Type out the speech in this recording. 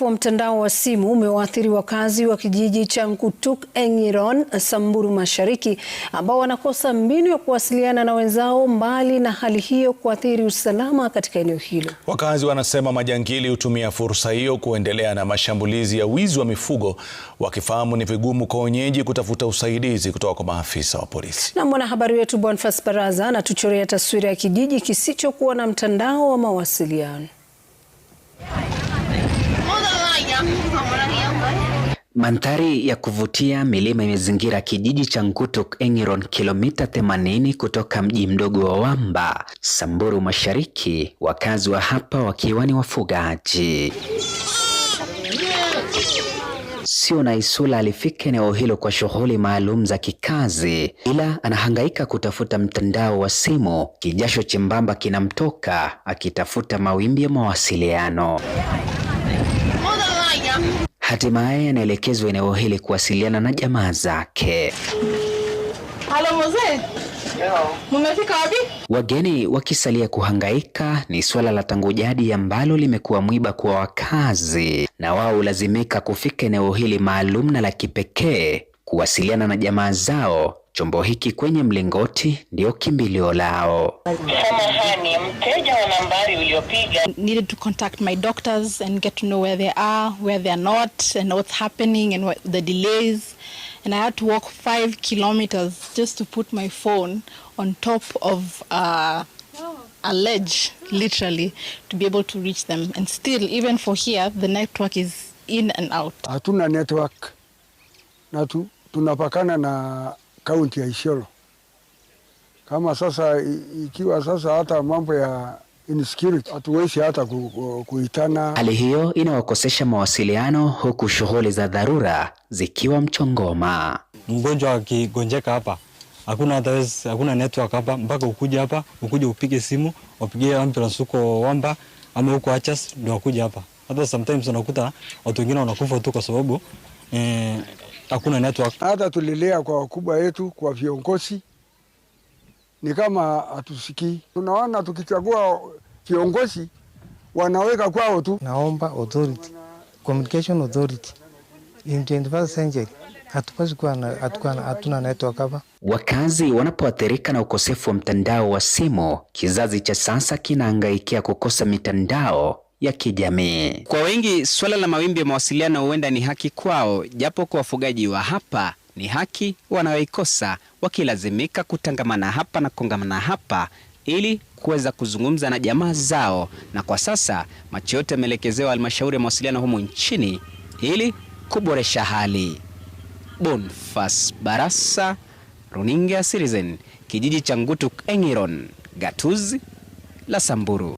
wa mtandao wa simu umewaathiri wakazi wa kijiji cha Nkutuk Engiron, Samburu Mashariki, ambao wanakosa mbinu ya kuwasiliana na wenzao, mbali na hali hiyo kuathiri usalama katika eneo hilo. Wakazi wanasema majangili hutumia fursa hiyo kuendelea na mashambulizi ya wizi wa mifugo, wakifahamu ni vigumu kwa wenyeji kutafuta usaidizi kutoka kwa maafisa wa polisi. Na mwanahabari wetu Bonfas Baraza anatuchorea taswira ya kijiji kisichokuwa na mtandao wa mawasiliano. Mandhari ya kuvutia milima imezingira kijiji cha Ngutuk Engiron kilomita 80 kutoka mji mdogo wa Wamba, Samburu Mashariki, wakazi wa hapa wakiwa ni wafugaji. na Isula alifika eneo hilo kwa shughuli maalum za kikazi, ila anahangaika kutafuta mtandao wa simu, kijasho chembamba kinamtoka akitafuta mawimbi ya mawasiliano. Hatimaye anaelekezwa eneo hili kuwasiliana na jamaa zake. Halo mzee. Mmefika wapi? Wageni wakisalia kuhangaika ni suala la tangu jadi ambalo limekuwa mwiba kwa wakazi, na wao hulazimika kufika eneo hili maalum na la kipekee kuwasiliana na jamaa zao Chombo hiki kwenye mlingoti ndio kimbilio lao. Samahani, mteja wa nambari uliopiga needed to contact my doctors and get to know where they are, where they are not and what's happening and what the delays and I had to walk 5 kilometers just to put my phone on top of uh, a ledge literally to be able to reach them and still even for here the network is in and out. Hatuna network na tu, tunapakana na kaunti ya Isiolo. Kama sasa ikiwa sasa hata mambo ya insecurity hatuwezi hata kuitana. Hali hiyo inawakosesha mawasiliano, huku shughuli za dharura zikiwa mchongoma. Mgonjwa akigonjeka hapa hakuna ataweza, hakuna network hapa mpaka ukuje hapa, ukuje upige simu, wapigie ambulance huko Wamba ama huko Achas ndio wakuja hapa. Hata sometimes unakuta watu wengine wanakufa tu kwa sababu Eh, hakuna eh, network. Hata tulilea kwa wakubwa wetu, kwa viongozi ni kama hatusikii. Tunaona tukichagua viongozi wanaweka kwao tu. Naomba authority, communication authority in 21st century hatupaswi kuwa hatuna network hapa. Wakazi wanapoathirika na ukosefu wa mtandao wa simu, kizazi cha sasa kinahangaikia kukosa mitandao ya kijamii. Kwa wengi, suala la mawimbi ya mawasiliano huenda ni haki kwao, japo kwa wafugaji wa hapa ni haki wanayoikosa, wakilazimika kutangamana hapa na kongamana hapa ili kuweza kuzungumza na jamaa zao, na kwa sasa macho yote yameelekezewa halmashauri ya mawasiliano humu nchini ili kuboresha hali. Bonfas Barasa, runinga Citizen, kijiji cha Ngutu, Engiron, gatuzi la Samburu.